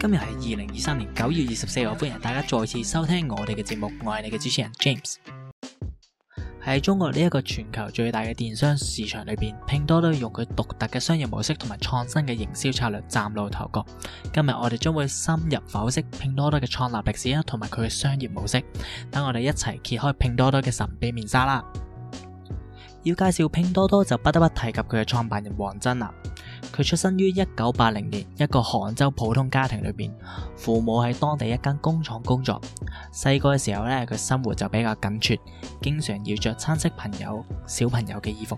今日係二零二三年九月二十四號，歡迎大家再次收聽我哋嘅節目，我係你嘅主持人 James。喺中國呢一個全球最大嘅電商市場裏邊，拼多多用佢獨特嘅商業模式同埋創新嘅營銷策略嶄露頭角。今日我哋將會深入剖析拼多多嘅創立歷史同埋佢嘅商業模式，等我哋一齊揭開拼多多嘅神秘面紗啦！要介紹拼多多，就不得不提及佢嘅創辦人黃崢啦。佢出生於1980年一個杭州普通家庭裏面，父母喺當地一間工廠工作。細個嘅時候咧，佢生活就比較緊缺，經常要着親戚朋友小朋友嘅衣服。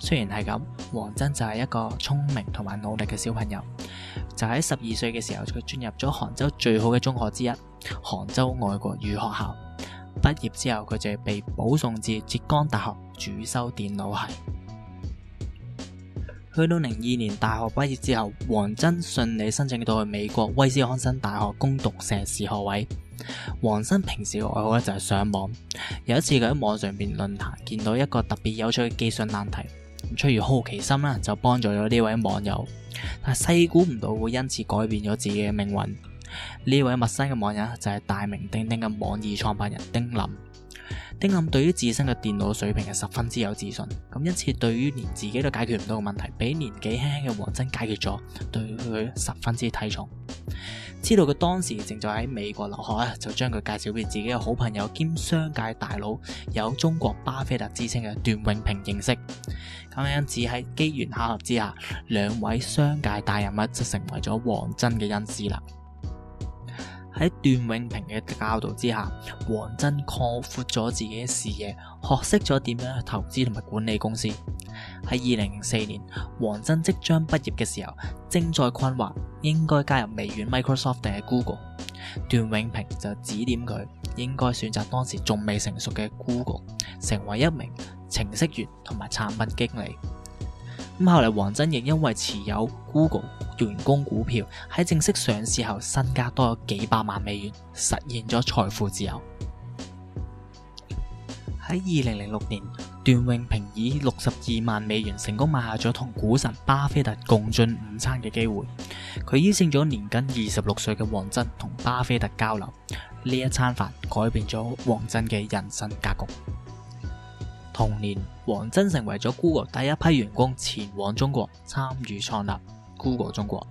雖然係咁，王真就係一個聰明同埋努力嘅小朋友。就喺十二歲嘅時候，佢進入咗杭州最好嘅中學之一——杭州外國語學校。畢業之後，佢就被保送至浙江大學主修電腦系。去到零二年大學畢業之後，王真順利申請到去美國威斯康辛大學攻讀碩士學位。王真平時嘅愛好咧就係上網，有一次佢喺網上邊論壇見到一個特別有趣嘅技術難題，出於好奇心咧就幫助咗呢位網友，但係細估唔到會因此改變咗自己嘅命運。呢位陌生嘅網友就係大名鼎鼎嘅網易創辦人丁林。丁林對於自身嘅電腦水平係十分之有自信。咁因此，對於連自己都解決唔到嘅問題，俾年紀輕輕嘅王真解決咗，對佢十分之睇重。知道佢當時正在喺美國留學啊，就將佢介紹俾自己嘅好朋友兼商界大佬，有中國巴菲特之稱嘅段永平認識。咁樣只喺機緣巧合之下，兩位商界大人物就成為咗王真嘅恩師啦。喺段永平嘅教導之下，王真擴闊咗自己嘅視野，學識咗點樣去投資同埋管理公司。喺二零零四年，王真即將畢業嘅時候，正在困惑應該加入微軟 Microsoft 定係 Google，段永平就指點佢應該選擇當時仲未成熟嘅 Google，成為一名程式員同埋產品經理。咁後嚟王真亦因為持有 Google 員工股票喺正式上市後，身家多咗幾百萬美元，實現咗財富自由。喺二零零六年，段永平以六十二萬美元成功買下咗同股神巴菲特共進午餐嘅機會。佢邀請咗年僅二十六歲嘅黃崢同巴菲特交流，呢一餐飯改變咗黃崢嘅人生格局。同年，黃崢成為咗 Google 第一批員工，前往中國參與創立。Google 中國，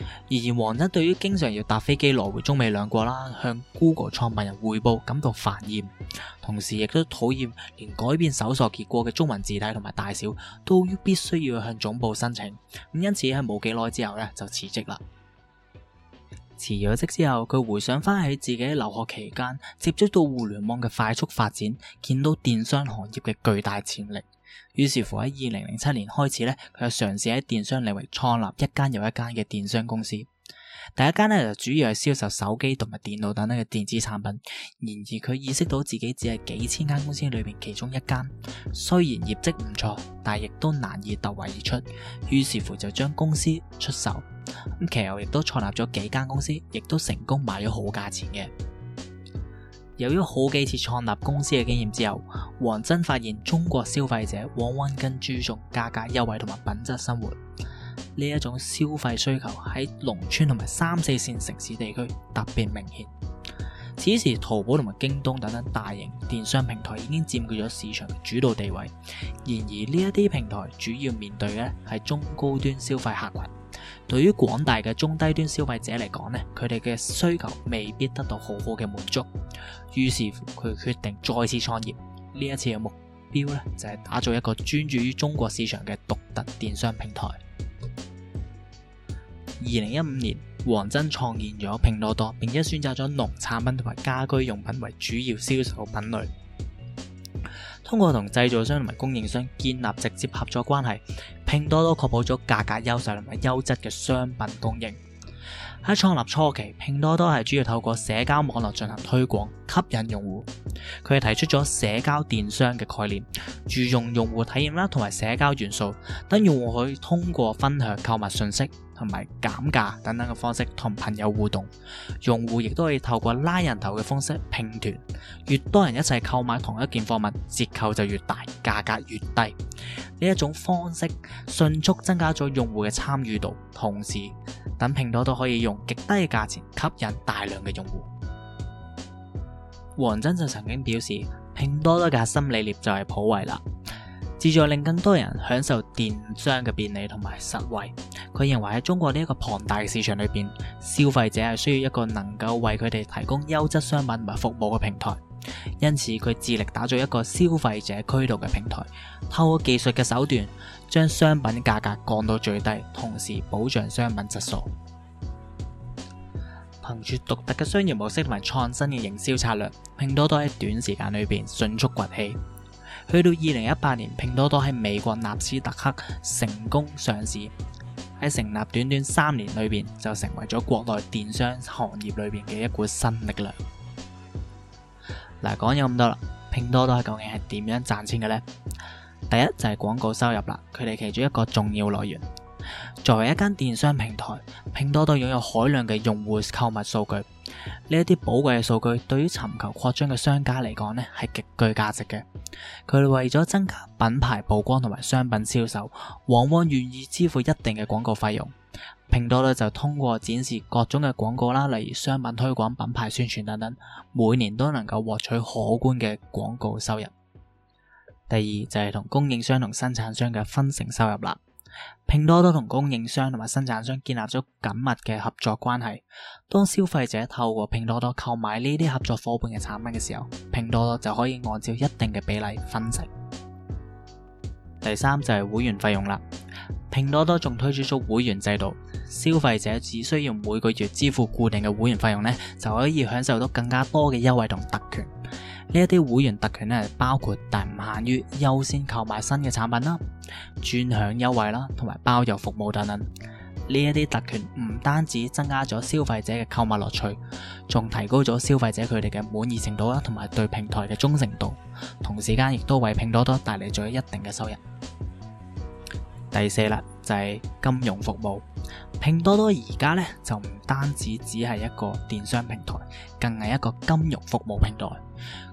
而言黃崢對於經常要搭飛機來回中美兩國啦，向 Google 創辦人匯報感到煩厭，同時亦都討厭連改變搜索結果嘅中文字體同埋大小都必須要向總部申請。咁因此喺冇幾耐之後呢，就辭職啦。辭咗職之後，佢回想翻起自己留學期間接觸到互聯網嘅快速發展，見到電商行業嘅巨大潛力。於是乎喺二零零七年開始咧，佢就嘗試喺電商領域創立一間又一間嘅電商公司。第一間咧，就主要係銷售手機同埋電腦等等嘅電子產品。然而佢意識到自己只係幾千間公司裏面其中一間，雖然業績唔錯，但亦都難以突圍而出。於是乎就將公司出售。咁其後亦都創立咗幾間公司，亦都成功賣咗好價錢嘅。由於好幾次創立公司嘅經驗之後，黃崢發現中國消費者往往更注重價格優惠同埋品質生活。呢一種消費需求喺農村同埋三四線城市地區特別明顯。此時，淘寶同埋京東等等大型電商平台已經佔據咗市場嘅主導地位。然而，呢一啲平台主要面對嘅係中高端消費客群。對於廣大嘅中低端消費者嚟講呢，佢哋嘅需求未必得到好好嘅滿足，於是佢決定再次創業。呢一次嘅目標呢，就係打造一個專注於中國市場嘅獨特電商平台。二零一五年，王真創建咗拼多多，並且選擇咗農產品同埋家居用品為主要銷售品類。通過同製造商同埋供應商建立直接合作關係，拼多多確保咗價格優勢同埋優質嘅商品供應。喺創立初期，拼多多係主要透過社交網絡進行推廣，吸引用戶。佢係提出咗社交電商嘅概念，注重用戶體驗啦同埋社交元素，等用戶可以通過分享購物信息。同埋減價等等嘅方式同朋友互動，用戶亦都可以透過拉人頭嘅方式拼團，越多人一齊購買同一件貨物，折扣就越大，價格越低。呢一種方式迅速增加咗用戶嘅參與度，同時等拼多多可以用極低嘅價錢吸引大量嘅用戶。黃崢就曾經表示，拼多多嘅核心理念就係普惠啦，旨在令更多人享受電商嘅便利同埋實惠。佢認為喺中國呢一個龐大嘅市場裏面，消費者係需要一個能夠為佢哋提供優質商品同埋服務嘅平台。因此，佢致力打造一個消費者驅動嘅平台，透過技術嘅手段將商品價格降到最低，同時保障商品質素。憑住獨特嘅商業模式同埋創新嘅營銷策略，拼多多喺短時間裏面迅速崛起。去到二零一八年，拼多多喺美國納斯達克成功上市。喺成立短短三年裏邊，就成為咗國內電商行業裏邊嘅一股新力量。嗱，講咗咁多啦，拼多多喺究竟係點樣賺錢嘅呢？第一就係廣告收入啦，佢哋其中一個重要來源。作為一間電商平台，拼多多擁有海量嘅用戶購物數據，呢一啲寶貴嘅數據對於尋求擴張嘅商家嚟講呢，係極具價值嘅。佢哋為咗增加品牌曝光同埋商品銷售，往往願意支付一定嘅廣告費用。拼多多就通過展示各種嘅廣告啦，例如商品推廣、品牌宣傳等等，每年都能夠獲取可觀嘅廣告收入。第二就係同供應商同生產商嘅分成收入啦。拼多多同供應商同埋生產商建立咗緊密嘅合作關係。當消費者透過拼多多購買呢啲合作伙伴嘅產品嘅時候，拼多多就可以按照一定嘅比例分成。第三就係會員費用啦。拼多多仲推出咗會員制度，消費者只需要每個月支付固定嘅會員費用呢，就可以享受到更加多嘅優惠同特權。呢一啲會員特權咧，包括但唔限於優先購買新嘅產品啦、專享優惠啦、同埋包郵服務等等。呢一啲特權唔單止增加咗消費者嘅購物樂趣，仲提高咗消費者佢哋嘅滿意程度啦，同埋對平台嘅忠誠度。同時間亦都為拼多多帶嚟咗一定嘅收入。第四啦，就係金融服務。拼多多而家咧就唔單止只係一個電商平台，更係一個金融服務平台。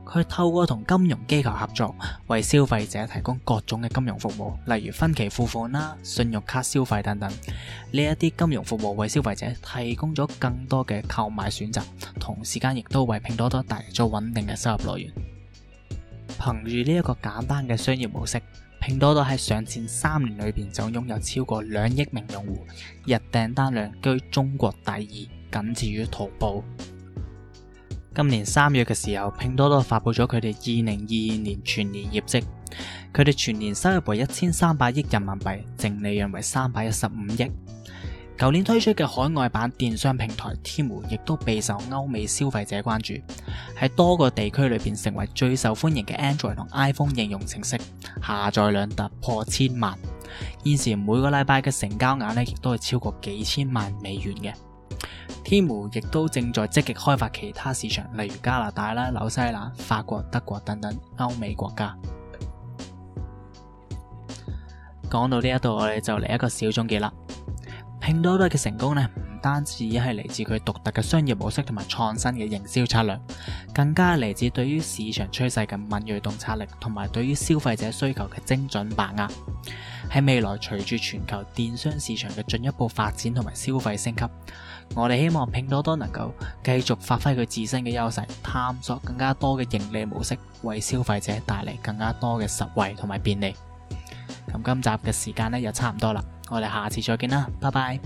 佢透過同金融機構合作，為消費者提供各種嘅金融服務，例如分期付款啦、信用卡消費等等。呢一啲金融服務為消費者提供咗更多嘅購買選擇，同時間亦都為拼多多帶來咗穩定嘅收入來源。憑住呢一個簡單嘅商業模式。拼多多喺上線三年裏面就擁有超過兩億名用戶，日訂單量居中國第二，僅次於淘寶。今年三月嘅時候，拼多多發布咗佢哋二零二二年全年業績，佢哋全年收入為一千三百億人民幣，淨利潤為三百一十五億。舊年推出嘅海外版電商平台 Temu，u, 亦都備受歐美消費者關注，喺多個地區裏邊成為最受歡迎嘅 Android 同 iPhone 應用程式，下載量突破千萬。現時每個禮拜嘅成交額呢亦都係超過幾千萬美元嘅。Temu 亦都正在積極開發其他市場，例如加拿大啦、紐西蘭、法國、德國等等歐美國家。講到呢一度，我哋就嚟一個小總結啦。拼多多嘅成功呢，唔單止係嚟自佢獨特嘅商業模式同埋創新嘅營銷策略，更加嚟自對於市場趨勢嘅敏銳洞察力同埋對於消費者需求嘅精準把握。喺未來，隨住全球電商市場嘅進一步發展同埋消費升級，我哋希望拼多多能夠繼續發揮佢自身嘅優勢，探索更加多嘅盈利模式，為消費者帶嚟更加多嘅實惠同埋便利。咁今集嘅時間呢，又差唔多啦。我哋下次再見啦，拜拜。